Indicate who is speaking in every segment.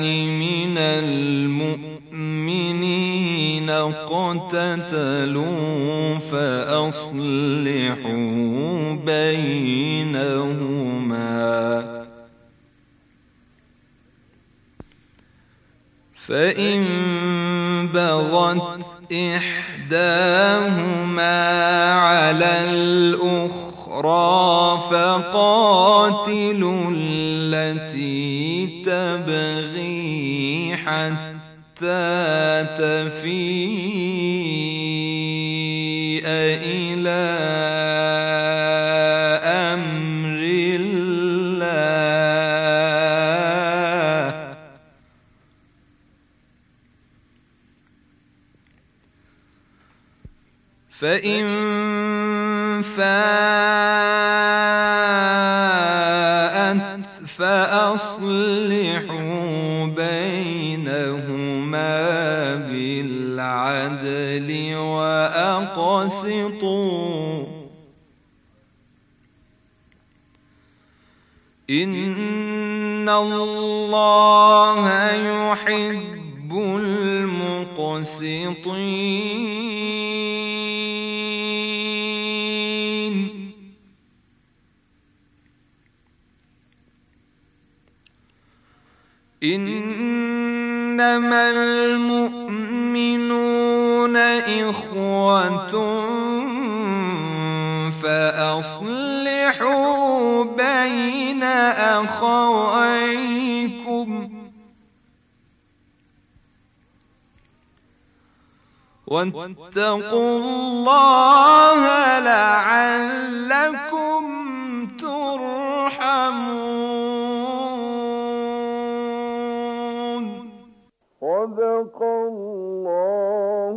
Speaker 1: من المؤمنين قتتلوا فأصلحوا بينهما فإن بغت إحداهما على الأخرى فقاتلوا التي تفيء إلى أمر الله فإن الْبَذْلِ وَأَقْسِطُوا إِنَّ اللَّهَ يُحِبُّ الْمُقْسِطِينَ إِنَّمَا الْمُقْسِطِينَ فَأَصْلِحُوا بَيْنَ أَخَوَيْكُمْ وَاتَّقُوا اللَّهَ لَعَلَّكُمْ تُرْحَمُونَ صدق
Speaker 2: الله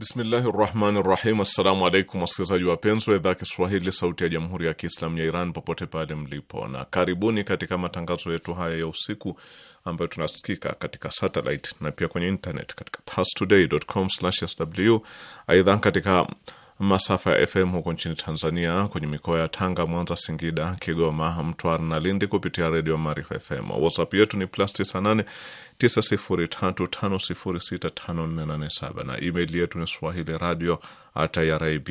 Speaker 3: Bismillahi rahmani rahim. Assalamu alaikum waskilizaji wapenzi wa idhaa Kiswahili sauti ya jamhuri ya Kiislamu ya Iran popote pale mlipo, na karibuni katika matangazo yetu haya ya usiku ambayo tunasikika katika satellite na pia kwenye internet katika pastoday.com/sw. Aidha, katika masafa ya FM huko nchini Tanzania kwenye mikoa ya Tanga, Mwanza, Singida, Kigoma, Mtwara na Lindi kupitia redio Maarifa FM. WhatsApp yetu ni plus 98 903565487 na email yetu ni swahili radio irib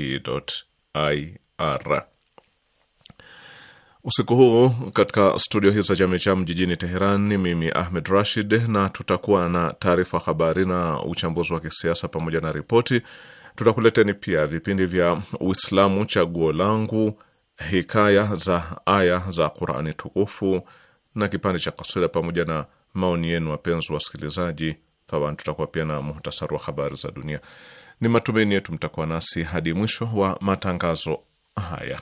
Speaker 3: Usiku huu katika studio hii za Jamejam jijini Teheran ni mimi Ahmed Rashid, na tutakuwa na taarifa habari na uchambuzi wa kisiasa pamoja na ripoti. Tutakuleteni pia vipindi vya Uislamu, chaguo langu, hikaya za aya za Qurani tukufu na kipande cha kaswida pamoja na maoni yenu, wapenzi wasikilizaji. Thawan, tutakuwa pia na muhtasari wa habari za dunia. Ni matumaini yetu mtakuwa nasi hadi mwisho wa matangazo haya.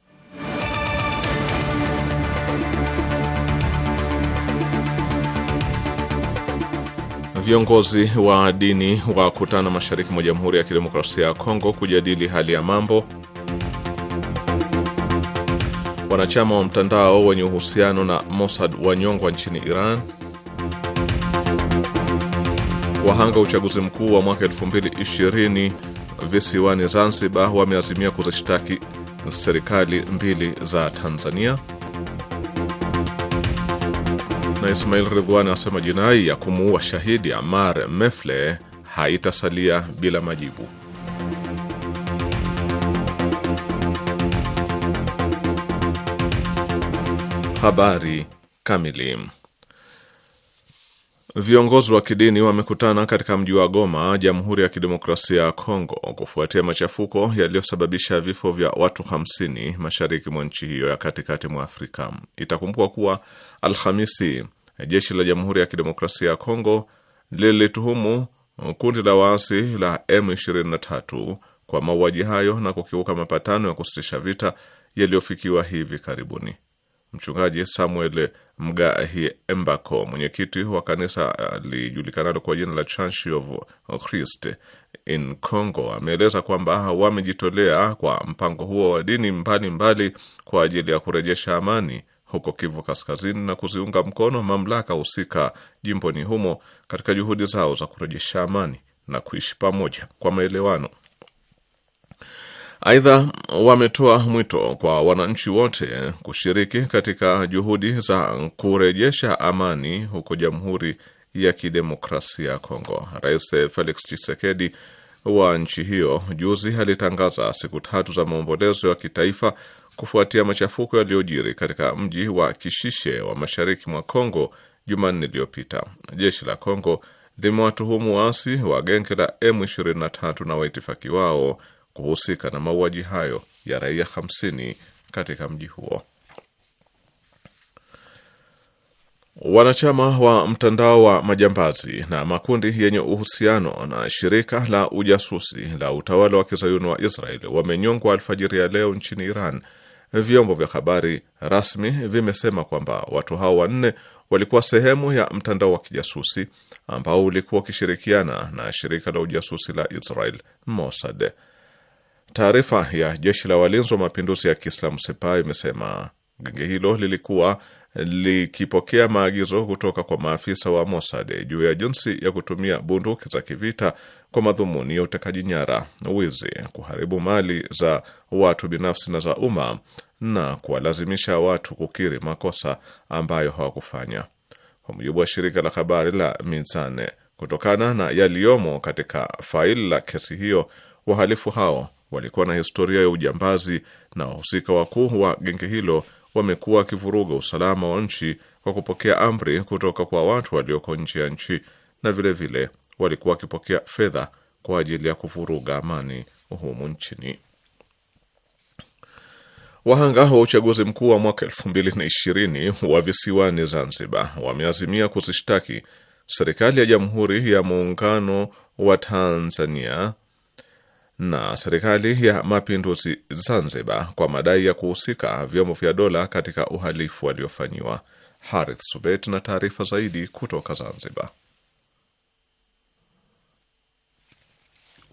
Speaker 3: Viongozi wa dini wakutana mashariki mwa Jamhuri ya Kidemokrasia ya Kongo kujadili hali ya mambo. Wanachama wa mtandao wenye uhusiano na Mossad wanyongwa nchini Iran. Wahanga uchaguzi mkuu wa mwaka 2020 visiwani Zanzibar wameazimia kuzishtaki serikali mbili za Tanzania na Ismail Ridwan asema jinai ya kumuua shahidi Amar Mefle haitasalia bila majibu. Habari kamili. Viongozi wa kidini wamekutana katika mji wa Goma, Jamhuri ya Kidemokrasia ya Kongo, kufuatia machafuko yaliyosababisha vifo vya watu 50 mashariki mwa nchi hiyo ya katikati mwa Afrika. Itakumbukwa kuwa Alhamisi jeshi la Jamhuri ya Kidemokrasia ya Kongo lilituhumu kundi la waasi la M23 kwa mauaji hayo na kukiuka mapatano ya kusitisha vita yaliyofikiwa hivi karibuni. Mchungaji Samuel mgahi Embako, mwenyekiti wa kanisa alijulikanalo kwa jina la Church of Christ in Congo, ameeleza kwamba wamejitolea kwa mpango huo wa dini mbalimbali kwa ajili ya kurejesha amani huko Kivu Kaskazini na kuziunga mkono mamlaka husika jimboni humo katika juhudi zao za kurejesha amani na kuishi pamoja kwa maelewano. Aidha, wametoa mwito kwa wananchi wote kushiriki katika juhudi za kurejesha amani huko Jamhuri ya Kidemokrasia ya Kongo. Rais Felix Tshisekedi wa nchi hiyo juzi alitangaza siku tatu za maombolezo ya kitaifa kufuatia machafuko yaliyojiri katika mji wa Kishishe wa mashariki mwa Kongo Jumanne iliyopita. Jeshi la Kongo limewatuhumu waasi wa genge la M23 na waitifaki wao kuhusika na mauaji hayo ya raia 50 katika mji huo. Wanachama wa mtandao wa majambazi na makundi yenye uhusiano na shirika la ujasusi la utawala wa kizayuni wa israel wamenyongwa alfajiri ya leo nchini Iran. Vyombo vya habari rasmi vimesema kwamba watu hao wanne walikuwa sehemu ya mtandao wa kijasusi ambao ulikuwa ukishirikiana na shirika la ujasusi la Israel Mossad. Taarifa ya jeshi la walinzi wa mapinduzi ya Kiislamu Sepa imesema genge hilo lilikuwa likipokea maagizo kutoka kwa maafisa wa Mossad juu ya jinsi ya kutumia bunduki za kivita kwa madhumuni ya utekaji nyara, wizi, kuharibu mali za watu binafsi na za umma na kuwalazimisha watu kukiri makosa ambayo hawakufanya, kwa mujibu wa shirika la habari la Mizane. Kutokana na yaliyomo katika faili la kesi hiyo, wahalifu hao walikuwa na historia ya ujambazi na wahusika wakuu wa genge hilo wamekuwa wakivuruga usalama wa nchi kwa kupokea amri kutoka kwa watu walioko nje ya nchi na vilevile vile, walikuwa wakipokea fedha kwa ajili ya kuvuruga amani humu nchini. Wahanga wa uchaguzi mkuu wa mwaka elfu mbili na ishirini wa visiwani Zanzibar wameazimia kuzishtaki serikali ya Jamhuri ya Muungano wa Tanzania na serikali ya mapinduzi Zanzibar kwa madai ya kuhusika vyombo vya dola katika uhalifu waliofanyiwa. Harith Subet na taarifa zaidi kutoka Zanzibar.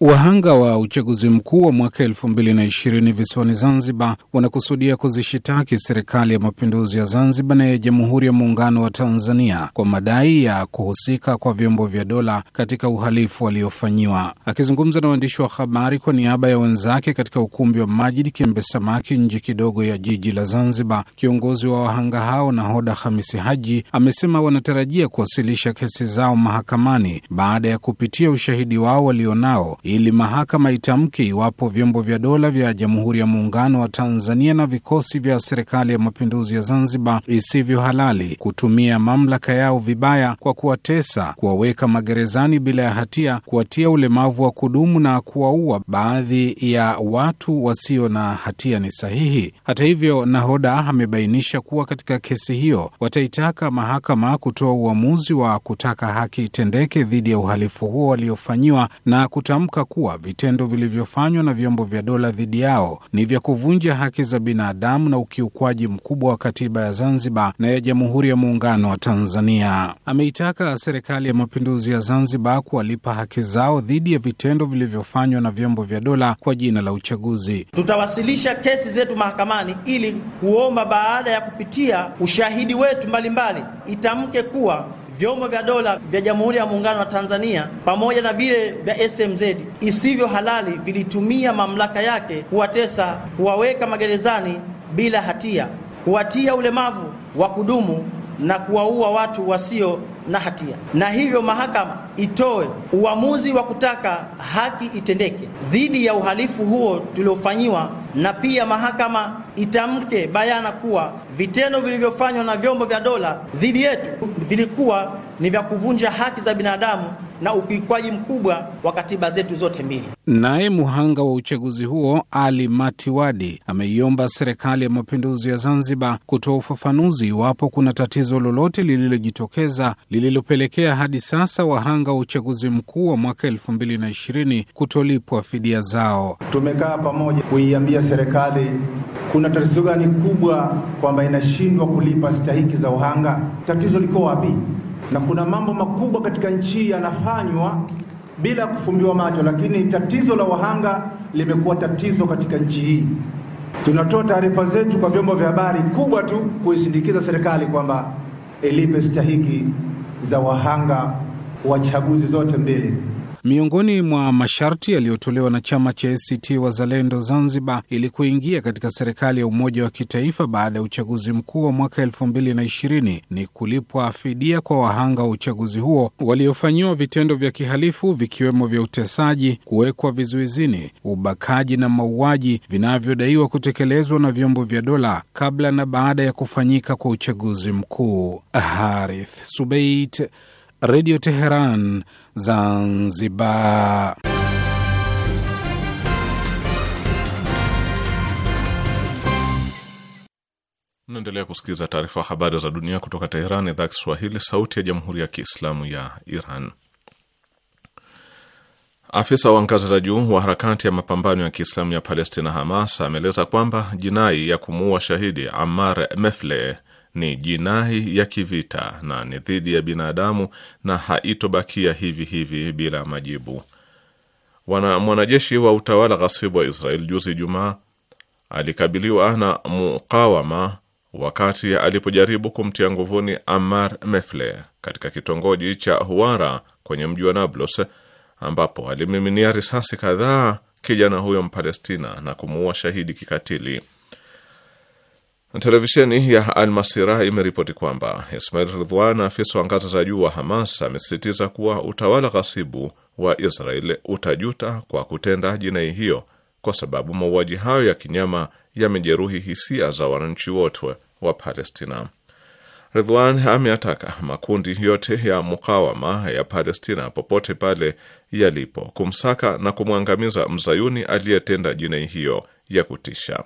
Speaker 4: Wahanga wa uchaguzi mkuu wa mwaka elfu mbili na ishirini visiwani Zanzibar wanakusudia kuzishitaki serikali ya mapinduzi ya Zanzibar na ya Jamhuri ya Muungano wa Tanzania kwa madai ya kuhusika kwa vyombo vya dola katika uhalifu waliofanyiwa. Akizungumza na waandishi wa habari kwa niaba ya wenzake katika ukumbi wa Majid Kiembe Samaki, nje kidogo ya jiji la Zanzibar, kiongozi wa wahanga hao Nahoda Hamisi Haji amesema wanatarajia kuwasilisha kesi zao mahakamani baada ya kupitia ushahidi wao walionao ili mahakama itamke iwapo vyombo vya dola vya Jamhuri ya Muungano wa Tanzania na vikosi vya Serikali ya Mapinduzi ya Zanzibar isivyo halali kutumia mamlaka yao vibaya kwa kuwatesa, kuwaweka magerezani bila ya hatia, kuwatia ulemavu wa kudumu na kuwaua baadhi ya watu wasio na hatia ni sahihi. Hata hivyo, Nahoda amebainisha kuwa katika kesi hiyo wataitaka mahakama kutoa uamuzi wa kutaka haki itendeke dhidi ya uhalifu huo waliofanyiwa na kutamka kukumbuka kuwa vitendo vilivyofanywa na vyombo vya dola dhidi yao ni vya kuvunja haki za binadamu na ukiukwaji mkubwa wa katiba ya Zanzibar na ya Jamhuri ya Muungano wa Tanzania. Ameitaka serikali ya mapinduzi ya Zanzibar kuwalipa haki zao dhidi ya vitendo vilivyofanywa na vyombo vya dola kwa jina la uchaguzi.
Speaker 5: Tutawasilisha kesi zetu mahakamani ili kuomba baada ya kupitia ushahidi wetu mbalimbali itamke kuwa vyombo vya dola vya Jamhuri ya Muungano wa Tanzania pamoja na vile vya SMZ isivyo halali vilitumia mamlaka yake kuwatesa, kuwaweka magerezani bila hatia, kuwatia ulemavu wa kudumu na kuwaua watu wasio na hatia, na hivyo mahakama itoe uamuzi wa kutaka haki itendeke dhidi ya uhalifu huo tuliofanyiwa, na pia mahakama itamke bayana kuwa vitendo vilivyofanywa na vyombo vya dola dhidi yetu vilikuwa ni vya kuvunja haki za binadamu na ukiukwaji mkubwa wa katiba zetu zote mbili.
Speaker 4: Naye muhanga wa uchaguzi huo Ali Matiwadi ameiomba serikali ya mapinduzi ya Zanzibar kutoa ufafanuzi iwapo kuna tatizo lolote lililojitokeza lililopelekea hadi sasa wahanga wa uchaguzi mkuu wa mwaka elfu mbili na ishirini kutolipwa fidia zao.
Speaker 5: Tumekaa pamoja kuiambia serikali kuna tatizo gani kubwa kwamba inashindwa kulipa stahiki za uhanga. Tatizo liko wapi? na kuna mambo makubwa katika nchi yanafanywa bila kufumbiwa macho, lakini tatizo la wahanga limekuwa tatizo katika nchi hii. Tunatoa taarifa zetu kwa vyombo vya habari kubwa tu kuishindikiza serikali kwamba
Speaker 4: ilipe stahiki za wahanga wa chaguzi zote mbili. Miongoni mwa masharti yaliyotolewa na chama cha ACT Wazalendo Zanzibar ili kuingia katika serikali ya umoja wa kitaifa baada ya uchaguzi mkuu wa mwaka elfu mbili na ishirini ni kulipwa fidia kwa wahanga wa uchaguzi huo waliofanyiwa vitendo vya kihalifu vikiwemo vya utesaji, kuwekwa vizuizini, ubakaji na mauaji vinavyodaiwa kutekelezwa na vyombo vya dola kabla na baada ya kufanyika kwa uchaguzi mkuu. Harith Subeit, Radio Teheran. Zanzibar.
Speaker 3: Naendelea kusikiliza taarifa habari za dunia kutoka Teheran, idhaa Kiswahili, sauti ya jamhuri ya kiislamu ya Iran. Afisa wa ngazi za juu wa harakati ya mapambano ya kiislamu ya Palestina, Hamas, ameeleza kwamba jinai ya kumuua shahidi amar Mefle ni jinai ya kivita na ni dhidi ya binadamu na haitobakia hivi hivi bila majibu. Wana mwanajeshi wa utawala ghasibu wa Israel juzi Jumaa alikabiliwa na mukawama wakati alipojaribu kumtia nguvuni Ammar Mefle katika kitongoji cha Huwara kwenye mji wa Nablus, ambapo alimiminia risasi kadhaa kijana huyo Mpalestina na kumuua shahidi kikatili. Televisheni ya al masira imeripoti kwamba Ismail Ridwan, afisa wa ngazi za juu wa Hamas, amesisitiza kuwa utawala ghasibu wa Israel utajuta kwa kutenda jinai hiyo, kwa sababu mauaji hayo ya kinyama yamejeruhi hisia za wananchi wote wa Palestina. Ridwan ameataka makundi yote ya mukawama ya Palestina popote pale yalipo kumsaka na kumwangamiza mzayuni aliyetenda jinai hiyo ya kutisha.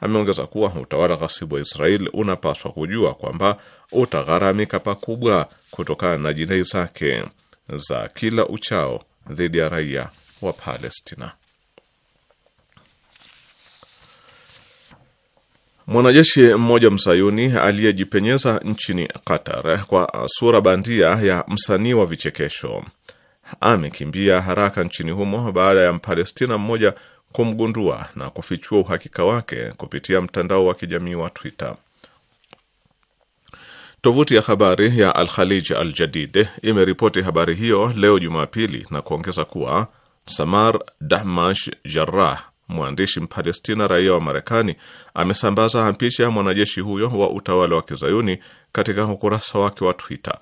Speaker 3: Ameongeza kuwa utawala ghasibu wa Israeli unapaswa kujua kwamba utagharamika pakubwa kutokana na jinai zake za kila uchao dhidi ya raia wa Palestina. Mwanajeshi mmoja msayuni aliyejipenyeza nchini Qatar kwa sura bandia ya msanii wa vichekesho amekimbia haraka nchini humo baada ya Mpalestina mmoja kumgundua na kufichua uhakika wake kupitia mtandao wa kijamii wa Twitter. Tovuti ya habari ya Al Khalij Al Jadid imeripoti habari hiyo leo Jumapili na kuongeza kuwa Samar Dahmash Jarrah, mwandishi Mpalestina raia wa Marekani, amesambaza picha mwanajeshi huyo wa utawala wa kizayuni katika ukurasa wake wa Twitter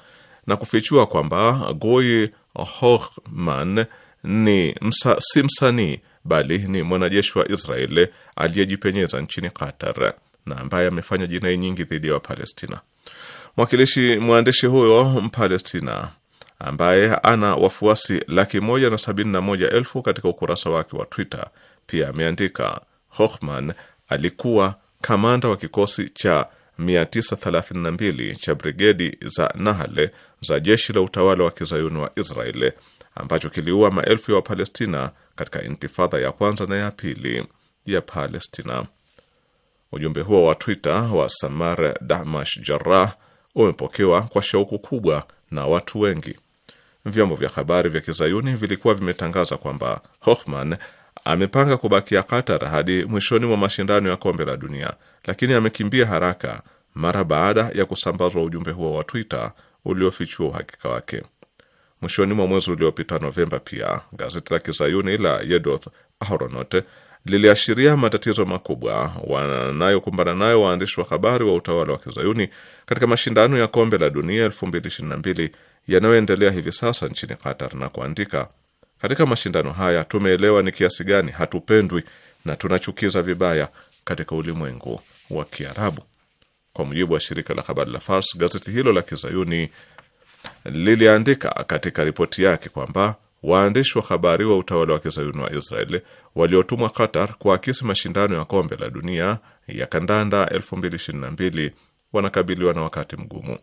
Speaker 3: na kufichua kwamba Goi Hohman ni msa, si msanii bali ni mwanajeshi wa israel aliyejipenyeza nchini Qatar na ambaye amefanya jinai nyingi dhidi ya Wapalestina. Mwakilishi mwandishi huyo Mpalestina ambaye ana wafuasi laki moja na sabini na moja elfu katika ukurasa wake wa Twitter pia ameandika, Hochman alikuwa kamanda wa kikosi cha 932 cha brigedi za Nahale za jeshi la utawala wa kizayuni wa Israeli ambacho kiliua maelfu ya Wapalestina katika intifadha ya kwanza na ya pili ya Palestina. Ujumbe huo wa Twitter wa Samar Damash Jarrah umepokewa kwa shauku kubwa na watu wengi. Vyombo vya habari vya kizayuni vilikuwa vimetangaza kwamba Hoffman amepanga kubakia Qatar hadi mwishoni mwa mashindano ya kombe la dunia, lakini amekimbia haraka mara baada ya kusambazwa ujumbe huo wa Twitter uliofichua uhakika wake. Mwishoni mwa mwezi uliopita Novemba, pia gazeti la kizayuni la Yedoth Ahronot liliashiria matatizo makubwa wanayokumbana nayo waandishi wa habari wa utawala wa kizayuni katika mashindano ya kombe la dunia 2022 yanayoendelea hivi sasa nchini Qatar na kuandika, katika mashindano haya tumeelewa ni kiasi gani hatupendwi na tunachukiza vibaya katika ulimwengu wa Kiarabu. Kwa mujibu wa shirika la habari la Fars, gazeti hilo la kizayuni liliandika katika ripoti yake kwamba waandishi wa habari wa utawala wa kizayuni wa Israeli waliotumwa Qatar kuakisi mashindano ya kombe la dunia ya kandanda 2022 wanakabiliwa na wakati mgumu.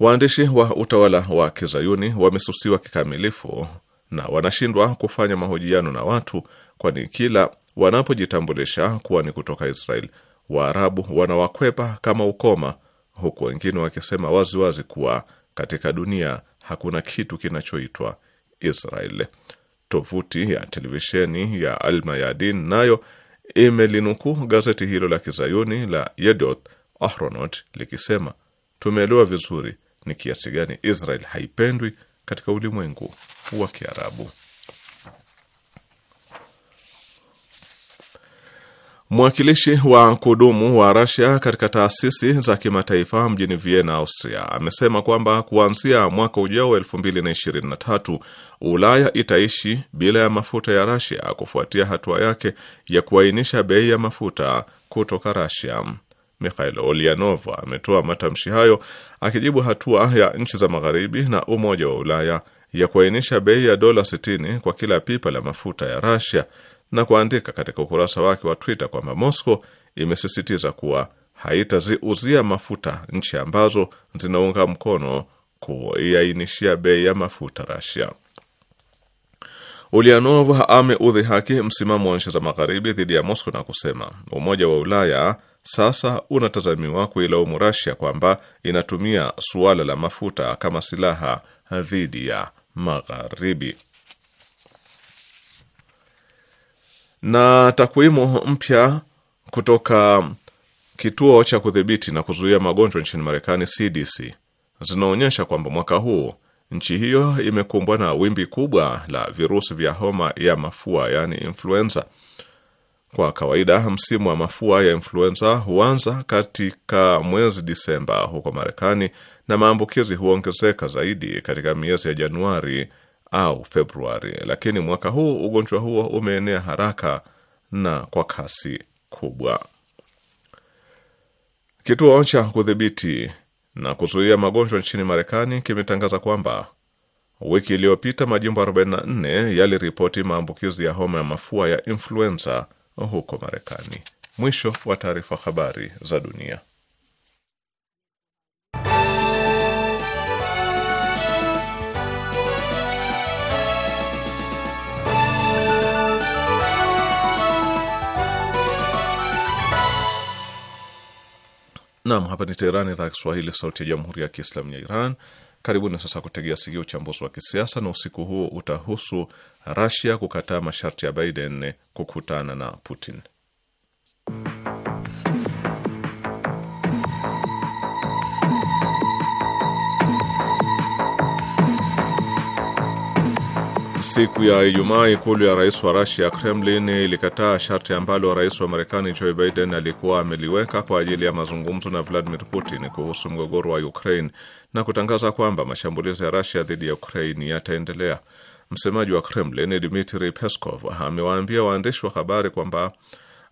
Speaker 3: Waandishi wa utawala wa kizayuni wamesusiwa kikamilifu na wanashindwa kufanya mahojiano na watu, kwani kila wanapojitambulisha kuwa ni kutoka Israeli, Waarabu wanawakwepa kama ukoma, huku wengine wakisema waziwazi wazi kuwa katika dunia hakuna kitu kinachoitwa Israel. Tovuti ya televisheni ya Almayadin nayo imelinukuu gazeti hilo la kizayuni la Yedoth Ahronot likisema, tumeelewa vizuri ni kiasi gani Israel haipendwi katika ulimwengu wa Kiarabu. Mwakilishi wa kudumu wa Rasia katika taasisi za kimataifa mjini Vienna, Austria, amesema kwamba kuanzia mwaka ujao wa 2023 Ulaya itaishi bila ya mafuta ya Rasia kufuatia hatua yake ya kuainisha bei ya mafuta kutoka Rasia. Mikhail Olianov ametoa matamshi hayo akijibu hatua ya nchi za Magharibi na Umoja wa Ulaya ya kuainisha bei ya dola 60 kwa kila pipa la mafuta ya Rasia na kuandika katika ukurasa wake wa Twitter kwamba Moscow imesisitiza kuwa haitaziuzia mafuta nchi ambazo zinaunga mkono kuiainishia bei ya mafuta Rasia. Ulianov ameudhihaki msimamo wa nchi za magharibi dhidi ya Moscow na kusema Umoja wa Ulaya sasa unatazamiwa kuilaumu Rasia kwamba inatumia suala la mafuta kama silaha dhidi ya magharibi. na takwimu mpya kutoka kituo cha kudhibiti na kuzuia magonjwa nchini Marekani, CDC, zinaonyesha kwamba mwaka huu nchi hiyo imekumbwa na wimbi kubwa la virusi vya homa ya mafua, yaani influenza. Kwa kawaida msimu wa mafua ya influenza huanza katika mwezi Disemba huko Marekani, na maambukizi huongezeka zaidi katika miezi ya Januari au Februari, lakini mwaka huu ugonjwa huo umeenea haraka na kwa kasi kubwa. Kituo cha kudhibiti na kuzuia magonjwa nchini Marekani kimetangaza kwamba wiki iliyopita majimbo 44 yaliripoti maambukizi ya homa ya mafua ya influenza huko Marekani. Mwisho wa taarifa. Habari za dunia. Naam, hapa ni Teherani, idhaa ya Kiswahili, sauti ya jamhuri ya kiislamu ya Iran. Karibuni sasa kutegea sikio uchambuzi wa kisiasa, na usiku huo utahusu Rasia kukataa masharti ya Biden kukutana na Putin. siku ya Ijumaa ikulu ya rais wa Rusia Kremlin ilikataa sharti ambalo rais wa Marekani Joe Biden alikuwa ameliweka kwa ajili ya mazungumzo na Vladimir Putin kuhusu mgogoro wa Ukraine na kutangaza kwamba mashambulizi ya Rusia dhidi ya Ukraine yataendelea. Msemaji wa Kremlin Dmitri Peskov amewaambia waandishi wa habari kwamba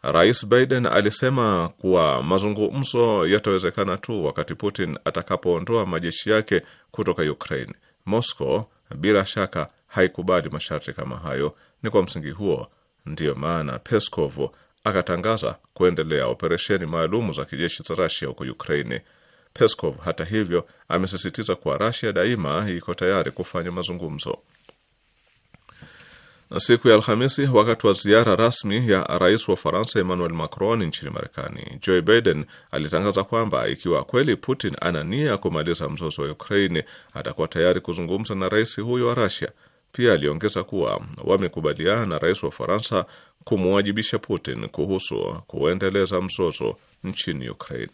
Speaker 3: Rais Biden alisema kuwa mazungumzo yatawezekana tu wakati Putin atakapoondoa majeshi yake kutoka Ukraine. Moscow bila shaka haikubali masharti kama hayo. Ni kwa msingi huo ndiyo maana Peskov akatangaza kuendelea operesheni maalumu za kijeshi za Rasia huko Ukraini. Peskov hata hivyo amesisitiza kuwa Rasia daima iko tayari kufanya mazungumzo. Siku ya Alhamisi, wakati wa ziara rasmi ya rais wa ufaransa Emmanuel Macron nchini Marekani, Joe Biden alitangaza kwamba ikiwa kweli Putin ana nia ya kumaliza mzozo wa Ukraini, atakuwa tayari kuzungumza na rais huyo wa Rasia. Pia aliongeza kuwa wamekubaliana na rais wa Faransa kumwajibisha Putin kuhusu kuendeleza mzozo nchini Ukraine.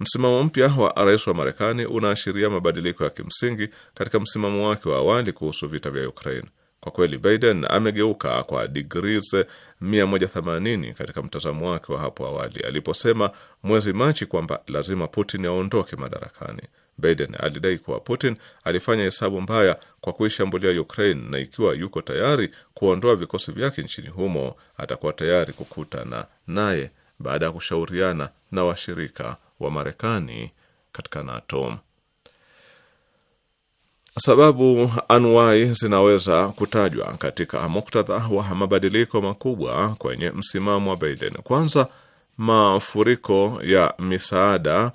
Speaker 3: Msimamo mpya wa rais wa Marekani unaashiria mabadiliko ya kimsingi katika msimamo wake wa awali kuhusu vita vya Ukraine. Kwa kweli, Biden amegeuka kwa digris 180 katika mtazamo wake wa hapo awali aliposema mwezi Machi kwamba lazima Putin aondoke madarakani. Biden alidai kuwa Putin alifanya hesabu mbaya kwa kuishambulia Ukraine na ikiwa yuko tayari kuondoa vikosi vyake nchini humo atakuwa tayari kukutana naye baada ya kushauriana na washirika wa Marekani katika NATO. Sababu anuwai zinaweza kutajwa katika muktadha wa mabadiliko makubwa kwenye msimamo wa Biden. Kwanza, mafuriko ya misaada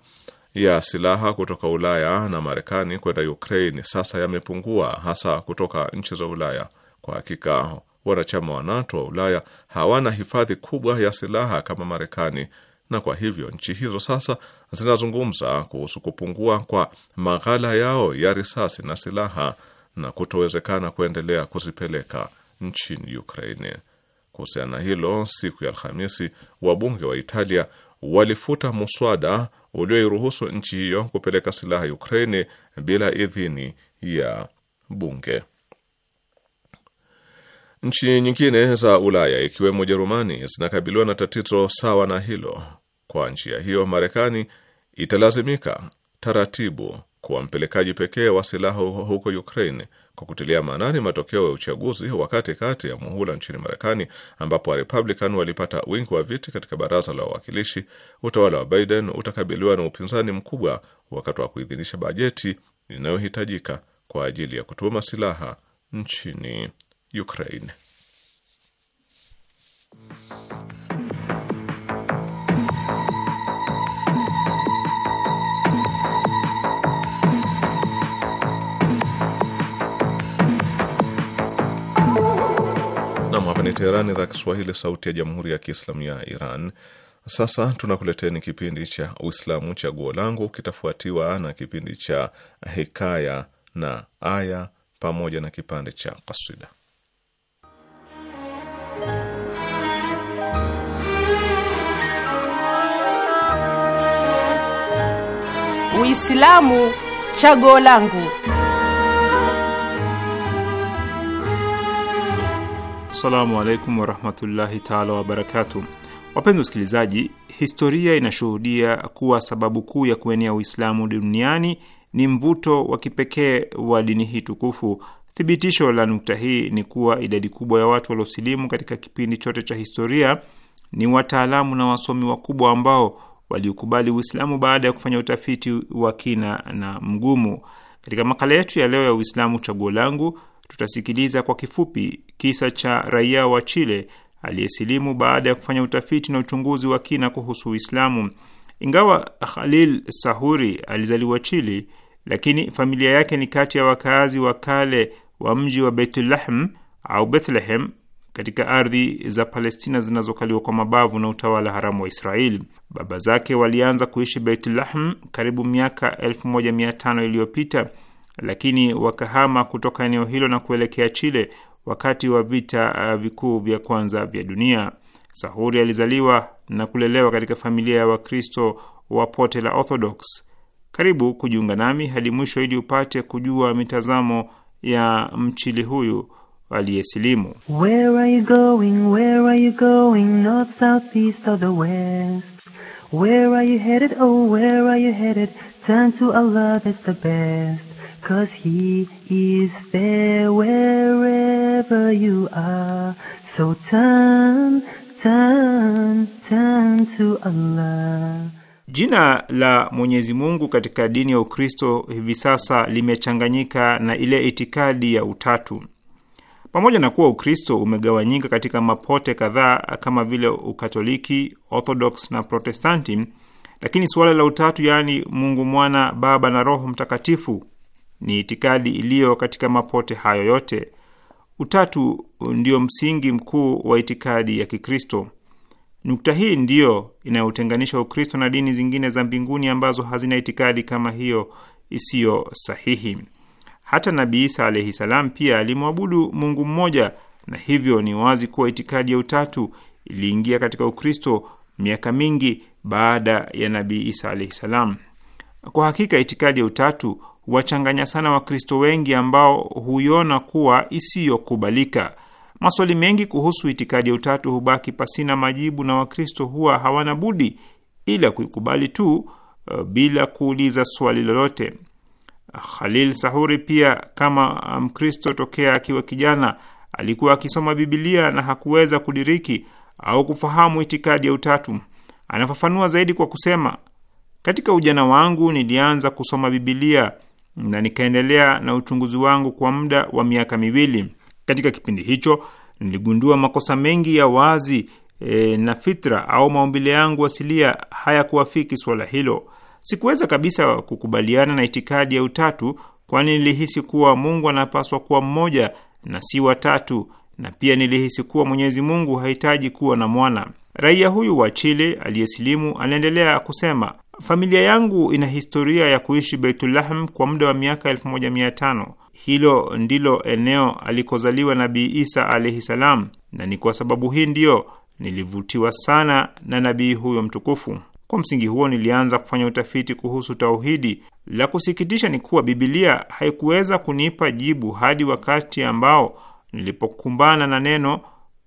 Speaker 3: ya silaha kutoka Ulaya na Marekani kwenda Ukraine sasa yamepungua, hasa kutoka nchi za Ulaya. Kwa hakika wanachama wa NATO wa Ulaya hawana hifadhi kubwa ya silaha kama Marekani, na kwa hivyo nchi hizo sasa zinazungumza kuhusu kupungua kwa maghala yao ya risasi na silaha na kutowezekana kuendelea kuzipeleka nchini Ukraine. Kuhusiana na hilo, siku ya Alhamisi wabunge wa Italia walifuta muswada ulioiruhusu nchi hiyo kupeleka silaha Ukraini bila idhini ya bunge. Nchi nyingine za Ulaya ikiwemo Ujerumani zinakabiliwa na tatizo sawa na hilo. Kwa njia hiyo, Marekani italazimika taratibu kuwa mpelekaji pekee wa silaha huko Ukraine kwa kutilia maanani matokeo ya uchaguzi wa katikati ya muhula nchini Marekani, ambapo Warepublican walipata wingi wa viti katika baraza la wawakilishi, utawala wa Biden utakabiliwa na upinzani mkubwa wakati wa kuidhinisha bajeti inayohitajika kwa ajili ya kutuma silaha nchini Ukraine. ni Teherani, idhaa Kiswahili, sauti ya jamhuri ya kiislamu ya Iran. Sasa tunakuleteni kipindi cha Uislamu chaguo langu, kitafuatiwa na kipindi cha hikaya na aya pamoja na kipande cha kasida.
Speaker 6: Uislamu chaguo langu.
Speaker 7: Assalamu alaikum warahmatullahi taala wabarakatu. Wapenzi wasikilizaji, historia inashuhudia kuwa sababu kuu ya kuenea Uislamu duniani ni mvuto wa kipekee wa dini hii tukufu. Thibitisho la nukta hii ni kuwa idadi kubwa ya watu waliosilimu katika kipindi chote cha historia ni wataalamu na wasomi wakubwa ambao waliokubali Uislamu baada ya kufanya utafiti wa kina na mgumu. Katika makala yetu ya leo ya Uislamu chaguo langu tutasikiliza kwa kifupi kisa cha raia wa Chile aliyesilimu baada ya kufanya utafiti na uchunguzi wa kina kuhusu Uislamu. Ingawa Khalil Sahuri alizaliwa Chile, lakini familia yake ni kati ya wakazi wa kale wa mji wa Beitulahm au Bethlehem katika ardhi za Palestina zinazokaliwa kwa mabavu na utawala haramu wa israel Baba zake walianza kuishi Beitulahm karibu miaka 1500 iliyopita lakini wakahama kutoka eneo hilo na kuelekea Chile wakati wa vita uh, vikuu vya kwanza vya dunia. Sahuri alizaliwa na kulelewa katika familia ya Wakristo wa pote la Orthodox. Karibu kujiunga nami hadi mwisho ili upate kujua mitazamo ya mchili huyu aliyesilimu.
Speaker 2: Where Cause he is there wherever you are. So turn, turn, turn
Speaker 8: to Allah.
Speaker 7: Jina la Mwenyezi Mungu katika dini ya Ukristo hivi sasa limechanganyika na ile itikadi ya utatu. Pamoja na kuwa Ukristo umegawanyika katika mapote kadhaa kama vile Ukatoliki, Orthodox na Protestanti, lakini suala la utatu, yaani Mungu Mwana, Baba na Roho Mtakatifu ni itikadi iliyo katika mapote hayo yote. Utatu ndio msingi mkuu wa itikadi ya Kikristo. Nukta hii ndiyo inayotenganisha Ukristo na dini zingine za mbinguni ambazo hazina itikadi kama hiyo isiyo sahihi. Hata Nabii Isa alaihi salam pia alimwabudu Mungu mmoja, na hivyo ni wazi kuwa itikadi ya utatu iliingia katika Ukristo miaka mingi baada ya Nabii Isa alaihi salam. Kwa hakika itikadi ya utatu wachanganya sana Wakristo wengi ambao huiona kuwa isiyokubalika. Maswali mengi kuhusu itikadi ya utatu hubaki pasina majibu na Wakristo huwa hawana budi ila kuikubali tu e, bila kuuliza swali lolote. Khalil Sahuri pia kama Mkristo tokea akiwa kijana alikuwa akisoma Bibilia na hakuweza kudiriki au kufahamu itikadi ya utatu. Anafafanua zaidi kwa kusema, katika ujana wangu nilianza kusoma Bibilia na nikaendelea na uchunguzi wangu kwa muda wa miaka miwili. Katika kipindi hicho niligundua makosa mengi ya wazi e, na fitra au maumbile yangu asilia hayakuwafiki suala hilo. Sikuweza kabisa kukubaliana na itikadi ya utatu, kwani nilihisi kuwa Mungu anapaswa kuwa mmoja na si watatu, na pia nilihisi kuwa Mwenyezi Mungu hahitaji kuwa na mwana. Raia huyu wa Chile aliyesilimu anaendelea kusema, Familia yangu ina historia ya kuishi Beitulahm kwa muda wa miaka elfu moja mia tano. Hilo ndilo eneo alikozaliwa Nabii Isa alaihi salam, na ni kwa sababu hii ndiyo nilivutiwa sana na nabii huyo mtukufu. Kwa msingi huo nilianza kufanya utafiti kuhusu tauhidi. La kusikitisha ni kuwa Bibilia haikuweza kunipa jibu hadi wakati ambao nilipokumbana na neno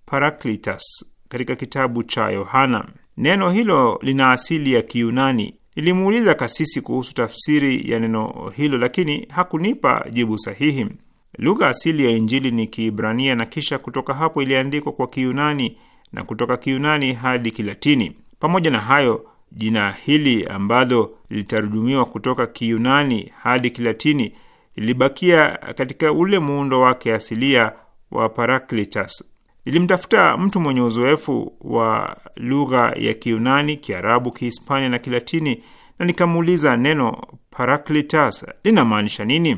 Speaker 7: Paraklitas katika kitabu cha Yohana. Neno hilo lina asili ya Kiyunani Nilimuuliza kasisi kuhusu tafsiri ya neno hilo, lakini hakunipa jibu sahihi. Lugha asili ya Injili ni Kiibrania na kisha kutoka hapo iliandikwa kwa Kiyunani na kutoka Kiyunani hadi Kilatini. Pamoja na hayo, jina hili ambalo lilitarudumiwa kutoka Kiyunani hadi Kilatini lilibakia katika ule muundo wake asilia wa Paraklitas, Nilimtafuta mtu mwenye uzoefu wa lugha ya Kiunani, Kiarabu, Kihispania na Kilatini na nikamuuliza neno paraklitas linamaanisha nini.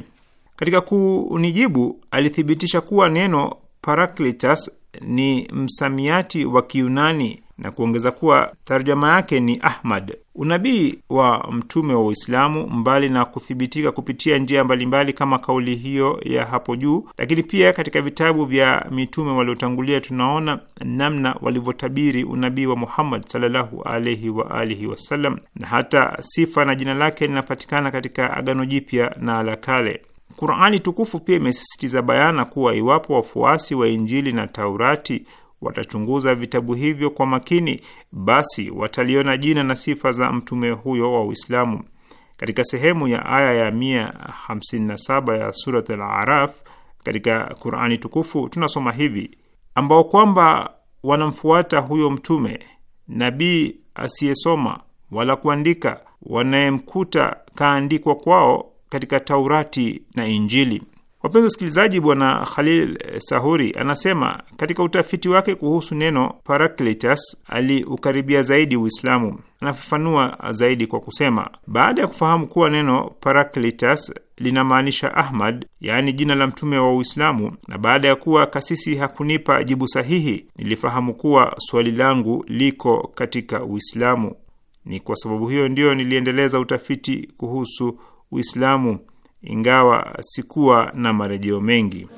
Speaker 7: Katika kunijibu, alithibitisha kuwa neno paraklitas ni msamiati wa Kiunani na kuongeza kuwa tarjama yake ni Ahmad. Unabii wa mtume wa Uislamu, mbali na kuthibitika kupitia njia mbalimbali kama kauli hiyo ya hapo juu, lakini pia katika vitabu vya mitume waliotangulia tunaona namna walivyotabiri unabii wa Muhammad sallallahu alaihi wa alihi wasallam, na hata sifa na jina lake linapatikana katika Agano Jipya na la Kale. Qurani tukufu pia imesisitiza bayana kuwa iwapo wafuasi wa Injili na Taurati watachunguza vitabu hivyo kwa makini, basi wataliona jina na sifa za mtume huyo wa Uislamu. Katika sehemu ya aya ya 157 ya Surat Al-Araf katika Qurani tukufu tunasoma hivi, ambao kwamba wanamfuata huyo mtume nabii asiyesoma wala kuandika, wanayemkuta kaandikwa kwao katika Taurati na Injili. Wapenzi wasikilizaji, Bwana Khalil Sahuri anasema katika utafiti wake kuhusu neno Parakletas aliukaribia zaidi Uislamu. Anafafanua zaidi kwa kusema, baada ya kufahamu kuwa neno Parakletas linamaanisha Ahmad, yaani jina la mtume wa Uislamu, na baada ya kuwa kasisi hakunipa jibu sahihi, nilifahamu kuwa swali langu liko katika Uislamu. Ni kwa sababu hiyo ndiyo niliendeleza utafiti kuhusu Uislamu ingawa sikuwa na marejeo mengi.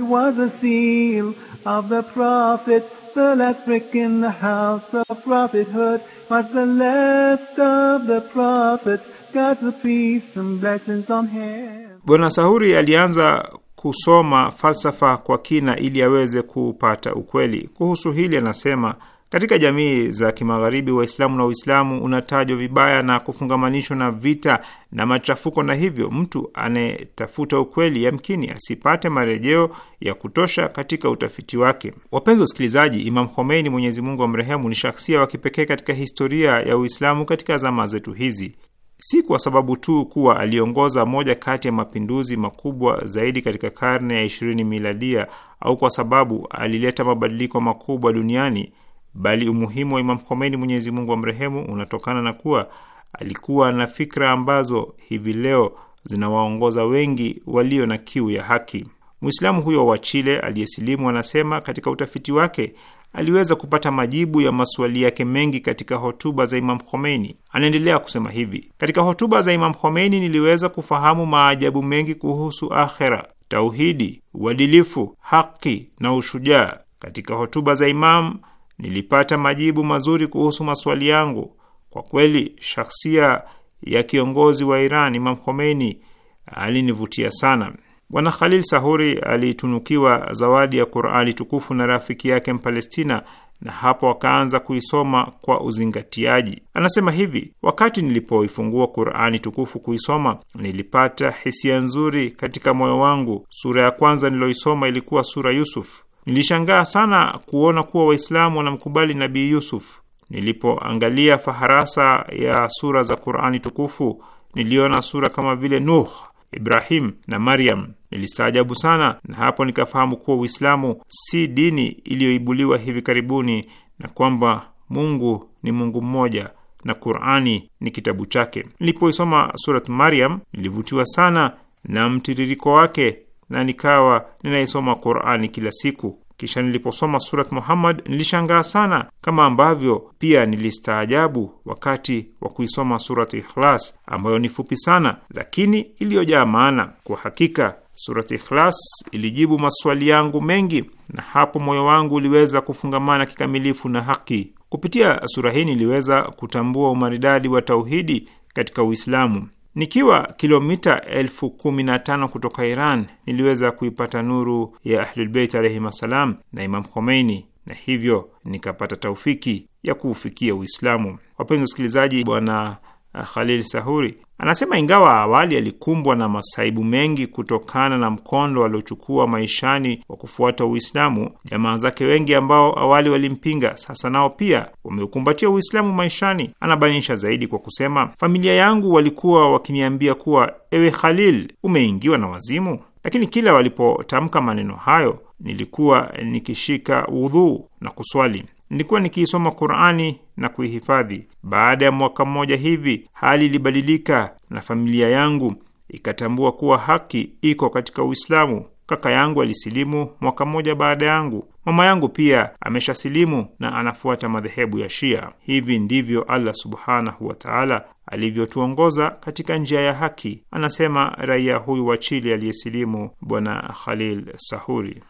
Speaker 7: Bwana Sahuri alianza kusoma falsafa kwa kina ili aweze kupata ukweli. Kuhusu hili anasema: katika jamii za kimagharibi Waislamu na Uislamu unatajwa vibaya na kufungamanishwa na vita na machafuko, na hivyo mtu anayetafuta ukweli yamkini asipate marejeo ya kutosha katika utafiti wake. Wapenzi wa usikilizaji, Imam Khomeini, Mwenyezi Mungu wa mrehemu, ni shakhsia wa kipekee katika historia ya Uislamu katika zama zetu hizi, si kwa sababu tu kuwa aliongoza moja kati ya mapinduzi makubwa zaidi katika karne ya ishirini miladia au kwa sababu alileta mabadiliko makubwa duniani bali umuhimu wa Imam Khomeini, Mwenyezi Mungu amrehemu, unatokana na kuwa alikuwa na fikra ambazo hivi leo zinawaongoza wengi walio na kiu ya haki. Mwislamu huyo wa Chile aliyesilimu anasema katika utafiti wake aliweza kupata majibu ya maswali yake mengi katika hotuba za Imam Khomeini. Anaendelea kusema hivi: katika hotuba za Imam Khomeini niliweza kufahamu maajabu mengi kuhusu akhera, tauhidi, uadilifu, haki na ushujaa. Katika hotuba za Imam Nilipata majibu mazuri kuhusu maswali yangu. Kwa kweli, shakhsia ya kiongozi wa Iran Imam Khomeini alinivutia sana. Bwana Khalil Sahuri alitunukiwa zawadi ya Qur'ani tukufu na rafiki yake Mpalestina na hapo akaanza kuisoma kwa uzingatiaji. Anasema hivi: wakati nilipoifungua Qur'ani tukufu kuisoma, nilipata hisia nzuri katika moyo wangu. Sura ya kwanza niloisoma ilikuwa sura Yusuf. Nilishangaa sana kuona kuwa Waislamu wanamkubali Nabii Yusuf. Nilipoangalia faharasa ya sura za Qurani tukufu niliona sura kama vile Nuh, Ibrahim na Maryam. Nilistaajabu sana, na hapo nikafahamu kuwa Uislamu si dini iliyoibuliwa hivi karibuni na kwamba Mungu ni Mungu mmoja na Qurani ni kitabu chake. Nilipoisoma Surat Maryam nilivutiwa sana na mtiririko wake na nikawa ninaisoma Qurani kila siku. Kisha niliposoma Surat Muhammad nilishangaa sana, kama ambavyo pia nilistaajabu wakati wa kuisoma Surat Ikhlas ambayo ni fupi sana, lakini iliyojaa maana. Kwa hakika Surat Ikhlas ilijibu maswali yangu mengi, na hapo moyo wangu uliweza kufungamana kikamilifu na haki. Kupitia sura hii niliweza kutambua umaridadi wa tauhidi katika Uislamu. Nikiwa kilomita elfu kumi na tano kutoka Iran niliweza kuipata nuru ya Ahlulbeit alaihim assalam na Imam Khomeini, na hivyo nikapata taufiki ya kuufikia Uislamu. Wapenzi wasikilizaji, bwana Ah, Khalil Sahuri anasema ingawa awali alikumbwa na masaibu mengi kutokana na mkondo aliochukua maishani wa kufuata Uislamu, jamaa zake wengi ambao awali walimpinga sasa nao pia wameukumbatia Uislamu maishani. Anabainisha zaidi kwa kusema, familia yangu walikuwa wakiniambia kuwa, ewe Khalil, umeingiwa na wazimu, lakini kila walipotamka maneno hayo nilikuwa nikishika udhuu na kuswali. Nilikuwa nikiisoma Qurani na kuihifadhi. Baada ya mwaka mmoja hivi, hali ilibadilika na familia yangu ikatambua kuwa haki iko katika Uislamu. Kaka yangu alisilimu mwaka mmoja baada yangu. Mama yangu pia ameshasilimu na anafuata madhehebu ya Shia. Hivi ndivyo Allah subhanahu wa taala alivyotuongoza katika njia ya haki, anasema raia huyu wa Chile aliyesilimu, Bwana Khalil Sahuri.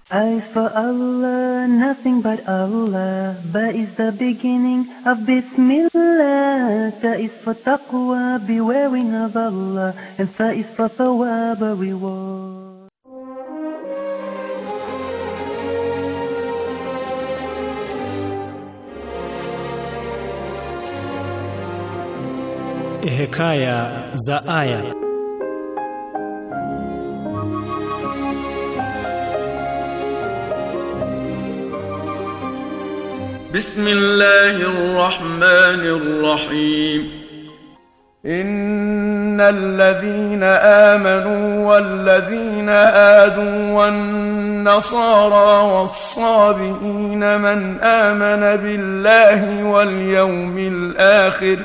Speaker 4: Hekaya za Aya.
Speaker 1: بسم الله الرحمن الرحيم ان الذين امنوا والذين هادوا والنصارى والصابئين من امن بالله واليوم الاخر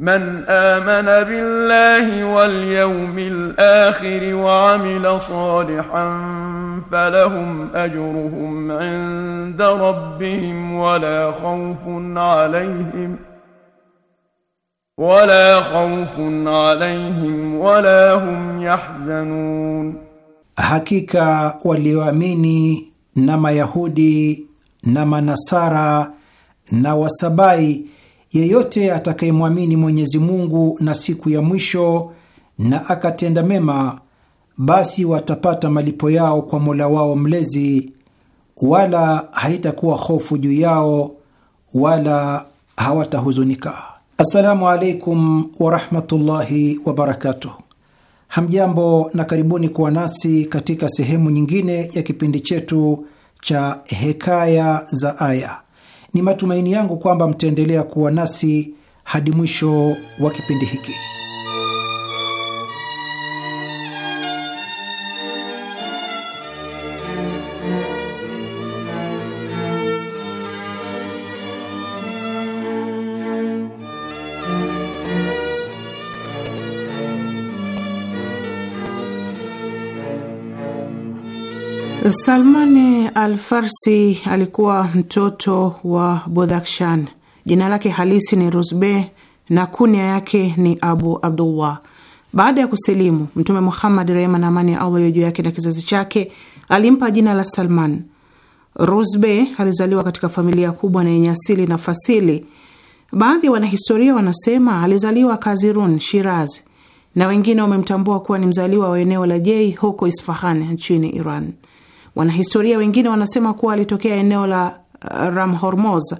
Speaker 1: من آمن بالله واليوم الآخر وعمل صالحا فلهم أجرهم عند ربهم ولا خوف عليهم ولا خوف عليهم ولا
Speaker 5: هم يحزنون حقيقة walioamini نما يهودي نما نصارى na Wasabai yeyote atakayemwamini Mwenyezi Mungu na siku ya mwisho na akatenda mema, basi watapata malipo yao kwa Mola wao mlezi, wala haitakuwa hofu juu yao wala hawatahuzunika. Assalamu alaikum warahmatullahi wabarakatuh. Hamjambo na karibuni kuwa nasi katika sehemu nyingine ya kipindi chetu cha Hekaya za Aya. Ni matumaini yangu kwamba mtaendelea kuwa nasi hadi mwisho wa kipindi hiki.
Speaker 6: Salmani Al Farsi alikuwa mtoto wa Bodhakshan. Jina lake halisi ni Rusbe na kunia yake ni Abu Abdullah. Baada ya kusilimu, Mtume Muhammad, rehma na amani ya Allah iyo juu yake na kizazi chake, alimpa jina la Salman. Rusbe alizaliwa katika familia kubwa na yenye asili na fasili. Baadhi ya wanahistoria wanasema alizaliwa Kazirun, Shiraz, na wengine wamemtambua kuwa ni mzaliwa wa eneo la Jei huko Isfahan nchini Iran. Wanahistoria wengine wanasema kuwa alitokea eneo la uh, Ramhormoz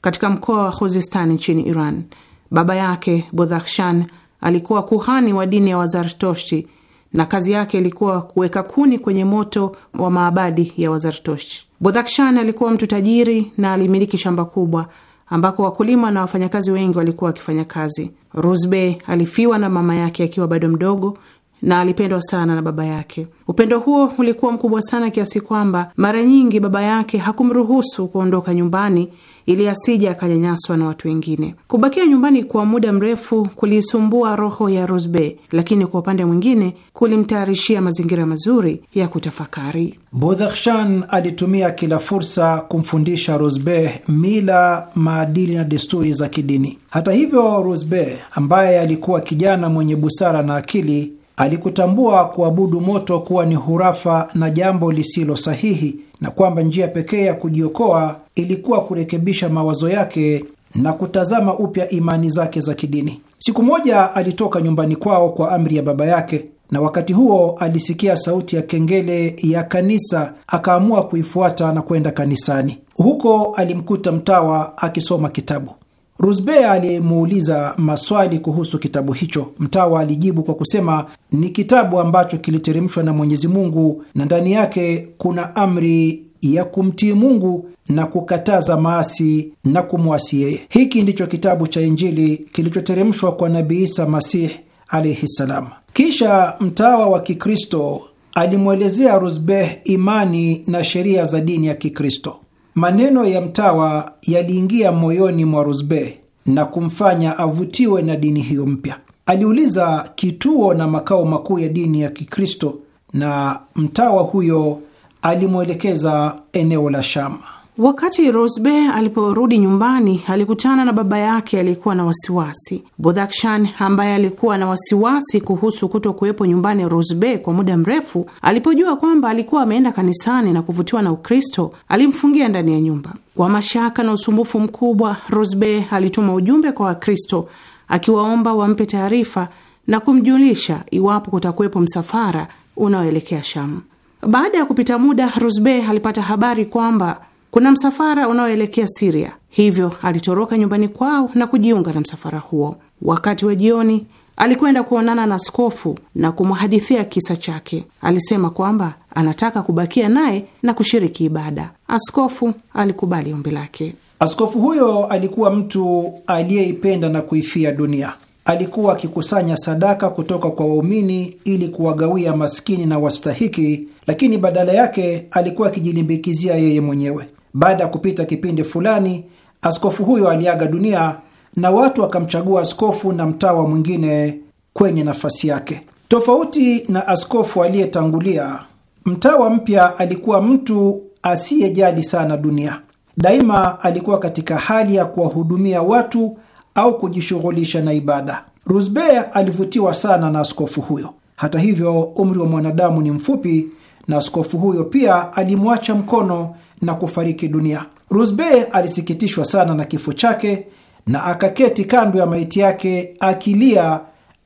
Speaker 6: katika mkoa wa Khuzistan nchini Iran. Baba yake Bodhakshan alikuwa kuhani wa dini ya Wazartoshti na kazi yake ilikuwa kuweka kuni kwenye moto wa maabadi ya Wazartoshti. Bodhakshan alikuwa mtu tajiri na alimiliki shamba kubwa ambako wakulima na wafanyakazi wengi walikuwa wakifanya kazi. Ruzbe alifiwa na mama yake akiwa bado mdogo na alipendwa sana na baba yake. Upendo huo ulikuwa mkubwa sana kiasi kwamba mara nyingi baba yake hakumruhusu kuondoka nyumbani ili asije akanyanyaswa na watu wengine. Kubakia nyumbani kwa muda mrefu kuliisumbua roho ya Rosbe, lakini kwa upande mwingine kulimtayarishia mazingira mazuri ya kutafakari. Bodhakshan
Speaker 5: alitumia kila fursa kumfundisha Rosbe mila, maadili na desturi za kidini. Hata hivyo, Rosbe ambaye alikuwa kijana mwenye busara na akili Alikutambua kuabudu moto kuwa ni hurafa na jambo lisilo sahihi, na kwamba njia pekee ya kujiokoa ilikuwa kurekebisha mawazo yake na kutazama upya imani zake za kidini. Siku moja alitoka nyumbani kwao kwa amri ya baba yake, na wakati huo alisikia sauti ya kengele ya kanisa, akaamua kuifuata na kwenda kanisani. Huko alimkuta mtawa akisoma kitabu. Rusbea alimuuliza maswali kuhusu kitabu hicho. Mtawa alijibu kwa kusema ni kitabu ambacho kiliteremshwa na Mwenyezi Mungu na ndani yake kuna amri ya kumtii Mungu na kukataza maasi na kumwasi yeye. Hiki ndicho kitabu cha Injili kilichoteremshwa kwa Nabii Isa Masih alaihi ssalam. Kisha mtawa wa Kikristo alimwelezea Rusbeh imani na sheria za dini ya Kikristo. Maneno ya mtawa yaliingia moyoni mwa rusbe na kumfanya avutiwe na dini hiyo mpya. Aliuliza kituo na makao makuu ya dini ya Kikristo, na mtawa huyo alimwelekeza eneo la Shama.
Speaker 6: Wakati Rosbe aliporudi nyumbani alikutana na baba yake aliyekuwa na wasiwasi. Bodakshan ambaye alikuwa na wasiwasi kuhusu kuto kuwepo nyumbani Rosbe kwa muda mrefu, alipojua kwamba alikuwa ameenda kanisani na kuvutiwa na Ukristo, alimfungia ndani ya nyumba. Kwa mashaka na usumbufu mkubwa, Rosbe alituma ujumbe kwa Wakristo akiwaomba wampe taarifa na kumjulisha iwapo kutakuwepo msafara unaoelekea Shamu. Baada ya kupita muda, Rosbe alipata habari kwamba kuna msafara unaoelekea Siria, hivyo alitoroka nyumbani kwao na kujiunga na msafara huo. Wakati wa jioni alikwenda kuonana na askofu na kumhadithia kisa chake. Alisema kwamba anataka kubakia naye na kushiriki ibada. Askofu alikubali ombi lake.
Speaker 5: Askofu huyo alikuwa mtu aliyeipenda na kuifia dunia. Alikuwa akikusanya sadaka kutoka kwa waumini ili kuwagawia maskini na wastahiki, lakini badala yake alikuwa akijilimbikizia yeye mwenyewe. Baada ya kupita kipindi fulani, askofu huyo aliaga dunia na watu wakamchagua askofu na mtawa mwingine kwenye nafasi yake. Tofauti na askofu aliyetangulia, mtawa mpya alikuwa mtu asiyejali sana dunia. Daima alikuwa katika hali ya kuwahudumia watu au kujishughulisha na ibada. rusbe alivutiwa sana na askofu huyo. Hata hivyo, umri wa mwanadamu ni mfupi, na askofu huyo pia alimwacha mkono na kufariki dunia. Rusbe alisikitishwa sana na kifo chake na akaketi kando ya maiti yake akilia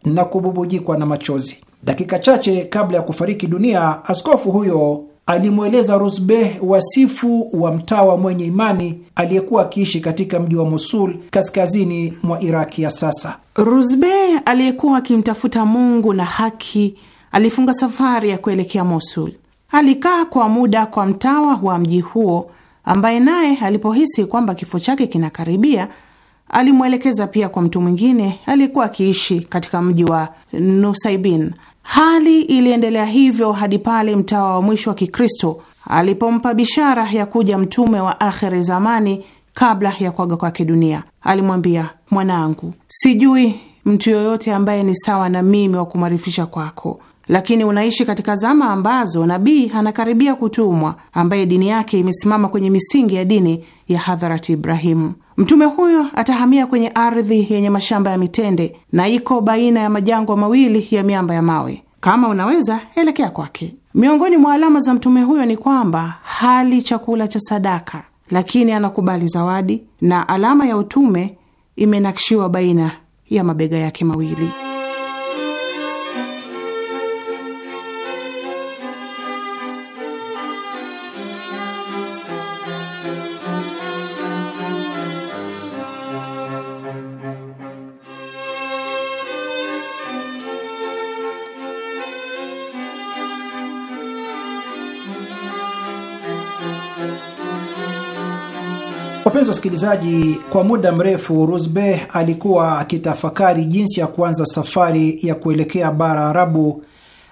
Speaker 5: na kububujikwa na machozi. Dakika chache kabla ya kufariki dunia, askofu huyo alimweleza Rusbeh wasifu wa mtawa mwenye imani aliyekuwa akiishi katika mji wa Mosul kaskazini mwa Iraki ya sasa.
Speaker 6: Rusbeh aliyekuwa akimtafuta Mungu na haki alifunga safari ya kuelekea Mosul. Alikaa kwa muda kwa mtawa wa mji huo, ambaye naye alipohisi kwamba kifo chake kinakaribia, alimwelekeza pia kwa mtu mwingine aliyekuwa akiishi katika mji wa Nusaibin. Hali iliendelea hivyo hadi pale mtawa wa mwisho wa Kikristo alipompa bishara ya kuja mtume wa akhiri zamani kabla ya kuaga kwake dunia. Alimwambia, mwanangu, sijui mtu yoyote ambaye ni sawa na mimi wa kumwarifisha kwako lakini unaishi katika zama ambazo nabii anakaribia kutumwa, ambaye dini yake imesimama kwenye misingi ya dini ya hadharati Ibrahimu. Mtume huyo atahamia kwenye ardhi yenye mashamba ya mitende na iko baina ya majangwa mawili ya miamba ya mawe. Kama unaweza elekea kwake. Miongoni mwa alama za mtume huyo ni kwamba hali chakula cha sadaka, lakini anakubali zawadi, na alama ya utume imenakshiwa baina ya mabega yake mawili.
Speaker 5: Wapenzi wasikilizaji, kwa muda mrefu Rusbeh alikuwa akitafakari jinsi ya kuanza safari ya kuelekea bara Arabu,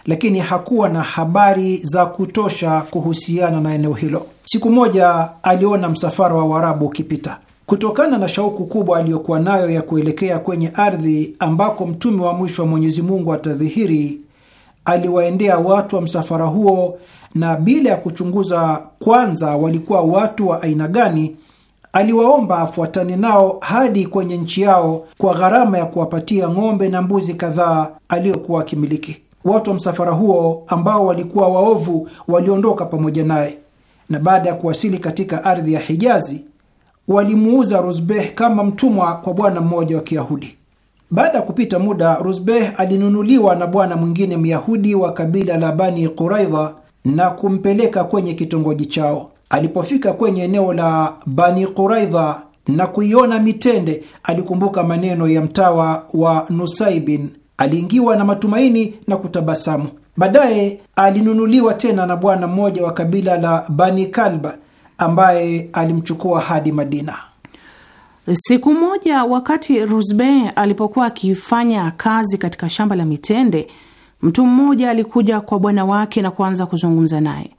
Speaker 5: lakini hakuwa na habari za kutosha kuhusiana na eneo hilo. Siku moja aliona msafara wa Waarabu ukipita. Kutokana na shauku kubwa aliyokuwa nayo ya kuelekea kwenye ardhi ambako mtume wa mwisho wa Mwenyezi Mungu atadhihiri, aliwaendea watu wa msafara huo, na bila ya kuchunguza kwanza walikuwa watu wa aina gani aliwaomba afuatane nao hadi kwenye nchi yao kwa gharama ya kuwapatia ng'ombe na mbuzi kadhaa aliyokuwa akimiliki. Watu wa msafara huo ambao walikuwa waovu waliondoka pamoja naye, na baada ya kuwasili katika ardhi ya Hijazi walimuuza Rusbeh kama mtumwa kwa bwana mmoja wa Kiyahudi. Baada ya kupita muda, Rusbeh alinunuliwa na bwana mwingine Myahudi wa kabila la Bani Quraidha na kumpeleka kwenye kitongoji chao. Alipofika kwenye eneo la Bani Quraidha na kuiona mitende, alikumbuka maneno ya mtawa wa Nusaibin. Aliingiwa na matumaini na kutabasamu. Baadaye alinunuliwa tena na bwana mmoja wa kabila la Bani Kalba
Speaker 6: ambaye alimchukua hadi Madina. Siku moja wakati Rusbe alipokuwa akifanya kazi katika shamba la mitende, mtu mmoja alikuja kwa bwana wake na kuanza kuzungumza naye.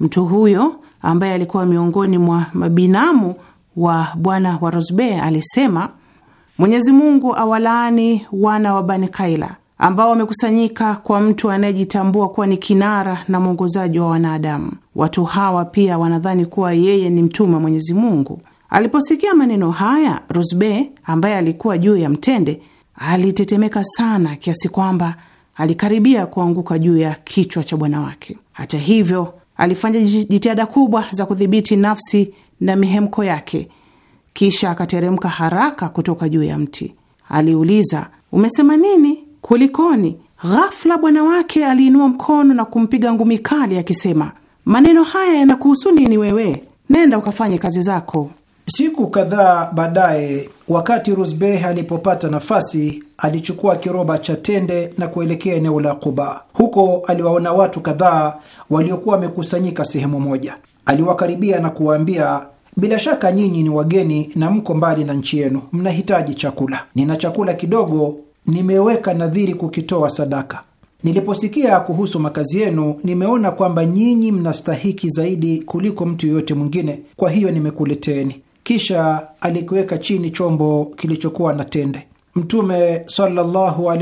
Speaker 6: Mtu huyo ambaye alikuwa miongoni mwa mabinamu wa bwana wa Rosbe alisema, Mwenyezi Mungu awalaani wana wa Bani Kaila ambao wamekusanyika kwa mtu anayejitambua kuwa ni kinara na mwongozaji wa wanadamu. Watu hawa pia wanadhani kuwa yeye ni mtume wa Mwenyezi Mungu. Aliposikia maneno haya, Rosbe ambaye alikuwa juu ya mtende alitetemeka sana kiasi kwamba alikaribia kuanguka juu ya kichwa cha bwana wake. Hata hivyo Alifanya jitihada kubwa za kudhibiti nafsi na mihemko yake, kisha akateremka haraka kutoka juu ya mti. Aliuliza, umesema nini? Kulikoni? Ghafla bwana wake aliinua mkono na kumpiga ngumi kali akisema, maneno haya yanakuhusu nini wewe? Nenda ukafanye kazi zako.
Speaker 5: Siku kadhaa baadaye, wakati Rusbeh alipopata nafasi, alichukua kiroba cha tende na kuelekea eneo la Quba. Huko aliwaona watu kadhaa waliokuwa wamekusanyika sehemu moja. Aliwakaribia na kuwaambia, bila shaka nyinyi ni wageni na mko mbali na nchi yenu, mnahitaji chakula. Nina chakula kidogo, nimeweka nadhiri kukitoa sadaka. Niliposikia kuhusu makazi yenu, nimeona kwamba nyinyi mnastahiki zaidi kuliko mtu yoyote mwingine, kwa hiyo nimekuleteni. Kisha alikiweka chini chombo kilichokuwa na tende. Mtume sallallahu wa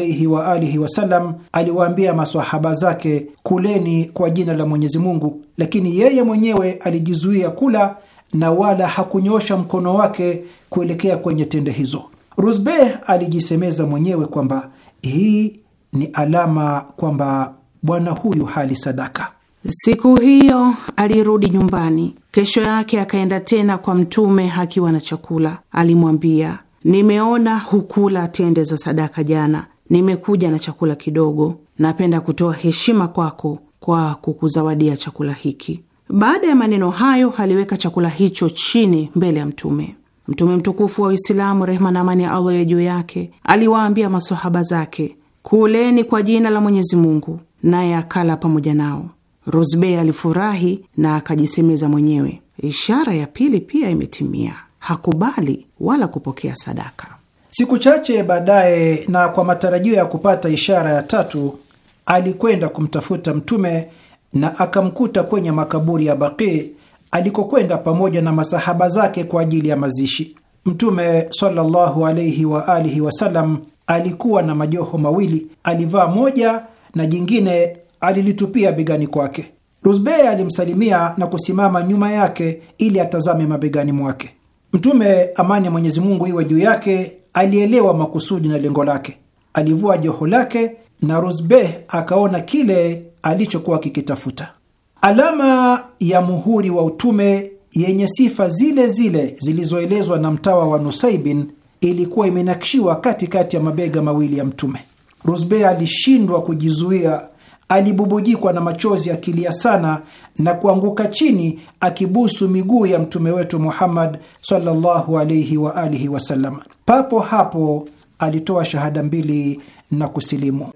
Speaker 5: alihi wasallam aliwaambia masahaba zake, kuleni kwa jina la Mwenyezi Mungu, lakini yeye mwenyewe alijizuia kula na wala hakunyosha mkono wake kuelekea kwenye tende hizo. Rusbeh alijisemeza mwenyewe kwamba hii ni alama kwamba
Speaker 6: bwana huyu hali sadaka. Siku hiyo alirudi nyumbani. Kesho yake akaenda tena kwa Mtume akiwa na chakula, alimwambia Nimeona hukula tende za sadaka jana, nimekuja na chakula kidogo. Napenda kutoa heshima kwako kwa kukuzawadia chakula hiki. Baada ya maneno hayo, aliweka chakula hicho chini mbele ya Mtume. Mtume mtukufu wa Uislamu, rehma na amani ya Allah ya juu yake, aliwaambia masohaba zake, kuleni kwa jina la Mwenyezi Mungu, naye akala pamoja nao. rosbey alifurahi na akajisemeza mwenyewe, ishara ya pili pia imetimia hakubali wala kupokea sadaka.
Speaker 5: Siku chache baadaye, na kwa matarajio ya kupata ishara ya tatu, alikwenda kumtafuta Mtume na akamkuta kwenye makaburi ya Baqi alikokwenda pamoja na masahaba zake kwa ajili ya mazishi. Mtume sallallahu alaihi wa alihi wasallam alikuwa na majoho mawili, alivaa moja na jingine alilitupia begani kwake. rusbe alimsalimia na kusimama nyuma yake ili atazame mabegani mwake. Mtume, amani ya Mwenyezi Mungu iwe juu yake, alielewa makusudi na lengo lake. Alivua joho lake na Rusbeh akaona kile alichokuwa kikitafuta, alama ya muhuri wa utume yenye sifa zile zile zilizoelezwa na mtawa wa Nusaibin ilikuwa imenakshiwa katikati ya mabega mawili ya Mtume. Rusbeh alishindwa kujizuia alibubujikwa na machozi akilia sana na kuanguka chini akibusu miguu ya mtume wetu Muhammad sallallahu alaihi wa alihi wasallam. Papo hapo alitoa shahada mbili na kusilimu.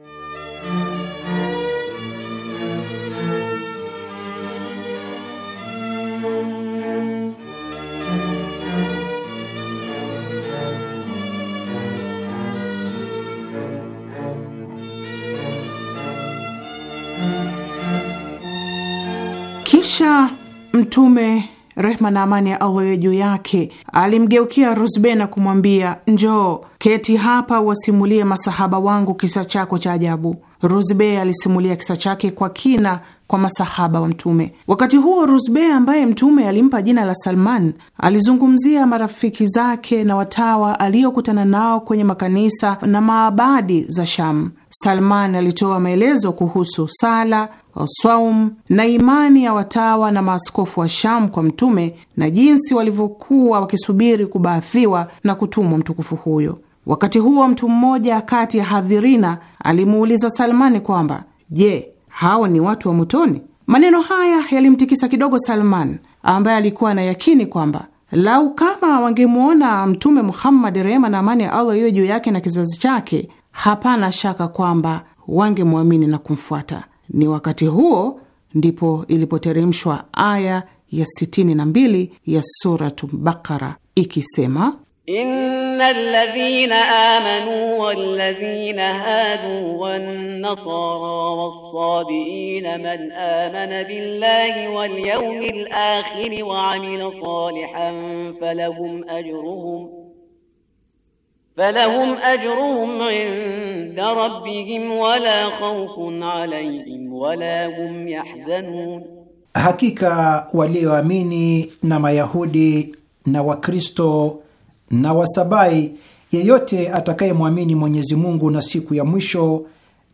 Speaker 6: Mtume rehma na amani ya Allah ya juu yake alimgeukia Rusbe na kumwambia, njoo keti hapa, wasimulie masahaba wangu kisa chako cha ajabu. Ruzbe alisimulia kisa chake kwa kina kwa masahaba wa Mtume. Wakati huo rusbe ambaye Mtume alimpa jina la Salman, alizungumzia marafiki zake na watawa aliyokutana nao kwenye makanisa na maabadi za Sham. Salman alitoa maelezo kuhusu sala, swaum na imani ya watawa na maaskofu wa Sham kwa Mtume na jinsi walivyokuwa wakisubiri kubaathiwa na kutumwa mtukufu huyo. Wakati huo mtu mmoja kati ya hadhirina alimuuliza Salmani kwamba je, hao ni watu wa motoni? Maneno haya yalimtikisa kidogo Salman ambaye alikuwa na yakini kwamba lau kama wangemwona Mtume Muhammad, rehema na amani ya Allah iwe juu yake na kizazi chake, hapana shaka kwamba wangemwamini na kumfuata. Ni wakati huo ndipo ilipoteremshwa aya ya 62 ya Suratu Bakara ikisema إن الذين
Speaker 2: آمنوا والذين هادوا والنصارى والصابئين من آمن بالله واليوم الآخر وعمل صالحا فلهم أجرهم فلهم أجرهم عند ربهم ولا خوف عليهم ولا هم يحزنون
Speaker 5: hakika walioamini نما يهودي نوا كريستو na Wasabai, yeyote atakayemwamini Mwenyezi Mungu na siku ya mwisho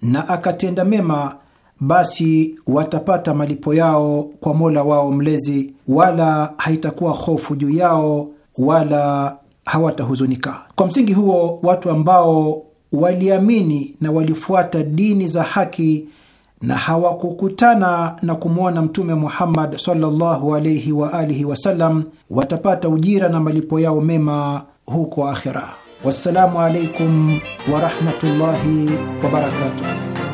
Speaker 5: na akatenda mema, basi watapata malipo yao kwa Mola wao Mlezi, wala haitakuwa hofu juu yao wala hawatahuzunika. Kwa msingi huo, watu ambao waliamini na walifuata dini za haki na hawakukutana na kumwona Mtume Muhammad sallallahu alaihi wa alihi wasallam, watapata ujira na malipo yao mema huko akhira. Wassalamu alaikum warahmatullahi wabarakatuh.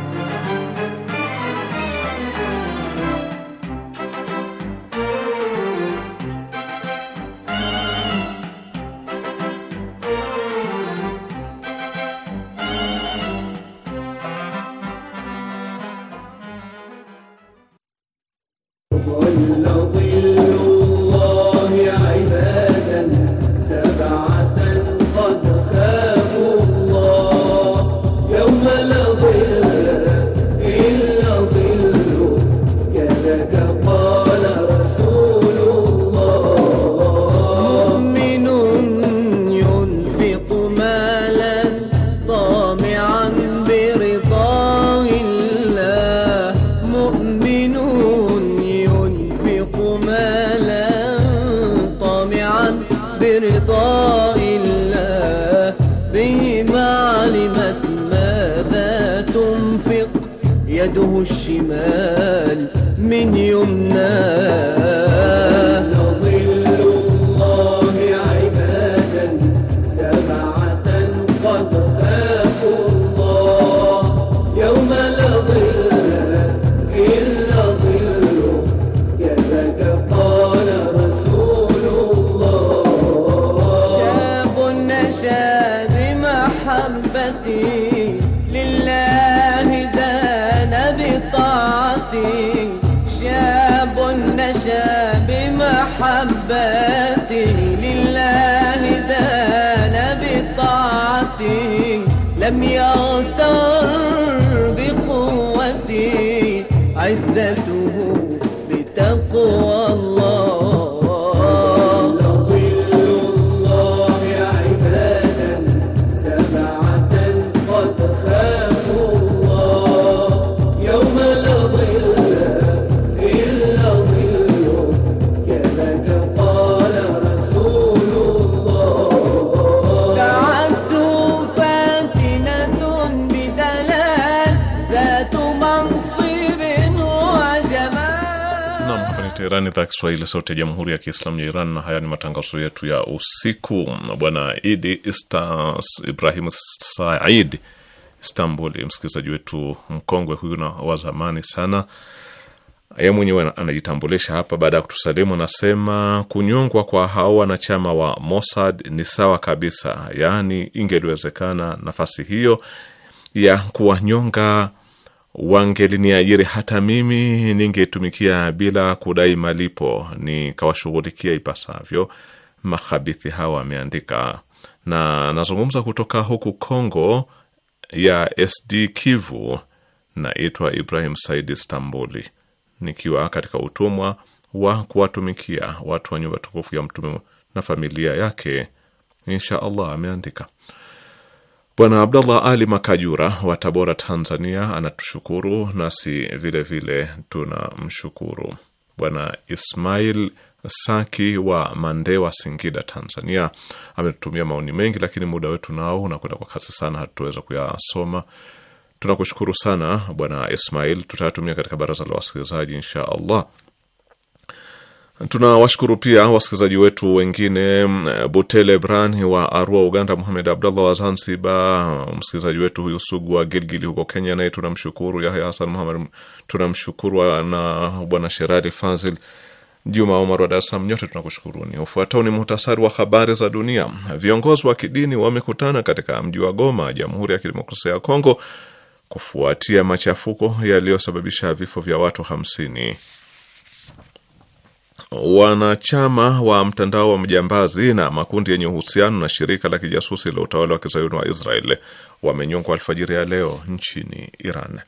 Speaker 3: Teherani, idhaa Kiswahili, sauti ya jamhuri ya kiislamu ya Iran. Na haya ni matangazo yetu ya usiku. Bwana Idi Istas Ibrahim Said Istanbul, msikilizaji wetu mkongwe huyu na wa zamani sana, ye mwenyewe anajitambulisha hapa baada ya kutusalimu, anasema kunyongwa kwa hao wanachama wa Mossad ni sawa kabisa, yaani ingeliwezekana nafasi hiyo ya kuwanyonga wangeliniajiri hata mimi ningetumikia bila kudai malipo, nikawashughulikia ipasavyo makhabithi hawa, ameandika. Na anazungumza kutoka huku Kongo ya SD Kivu. Naitwa Ibrahim Said istanbuli nikiwa katika utumwa wa kuwatumikia watu wa nyumba tukufu ya Mtume na familia yake, insha Allah, ameandika. Bwana Abdallah Ali Makajura wa Tabora, Tanzania, anatushukuru nasi vilevile tunamshukuru. Bwana Ismail Saki wa Mandewa, Singida, Tanzania, ametutumia maoni mengi, lakini muda wetu nao unakwenda kwa kasi sana, hatutaweza kuyasoma. Tunakushukuru sana Bwana Ismail, tutayatumia katika baraza la wasikilizaji insha Allah. Tunawashukuru pia wasikilizaji wetu wengine, mm, Butele bran wa Arua, Uganda, Muhamed Abdallah wa Zanzibar, msikilizaji wetu huyu sugu wa Gilgili huko Kenya, naye tunamshukuru. Yahya Hasan Muhamed tunamshukuru, na Bwana Sherali Fazil Juma Omar wa Dar es Salaam, nyote tunakushukuruni. Ufuatao ni muhtasari wa habari za dunia. Viongozi wa kidini wamekutana katika mji wa Goma, Jamhuri ya Kidemokrasia ya Kongo, kufuatia machafuko yaliyosababisha vifo vya watu hamsini wanachama wa mtandao wa mjambazi na makundi yenye uhusiano na shirika la kijasusi la utawala wa kizayuni wa Israel wamenyongwa alfajiri ya leo nchini Iran.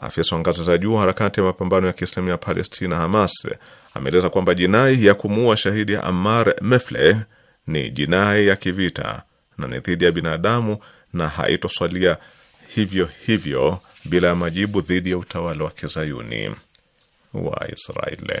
Speaker 3: Afisa wa ngazi za juu harakati ya mapambano ya Kiislamu ya Palestina, Hamas, ameeleza kwamba jinai ya kumuua shahidi Ammar Mefle ni jinai ya kivita na ni dhidi ya binadamu na haitoswalia hivyo hivyo bila ya majibu dhidi ya utawala wa kizayuni wa Israeli.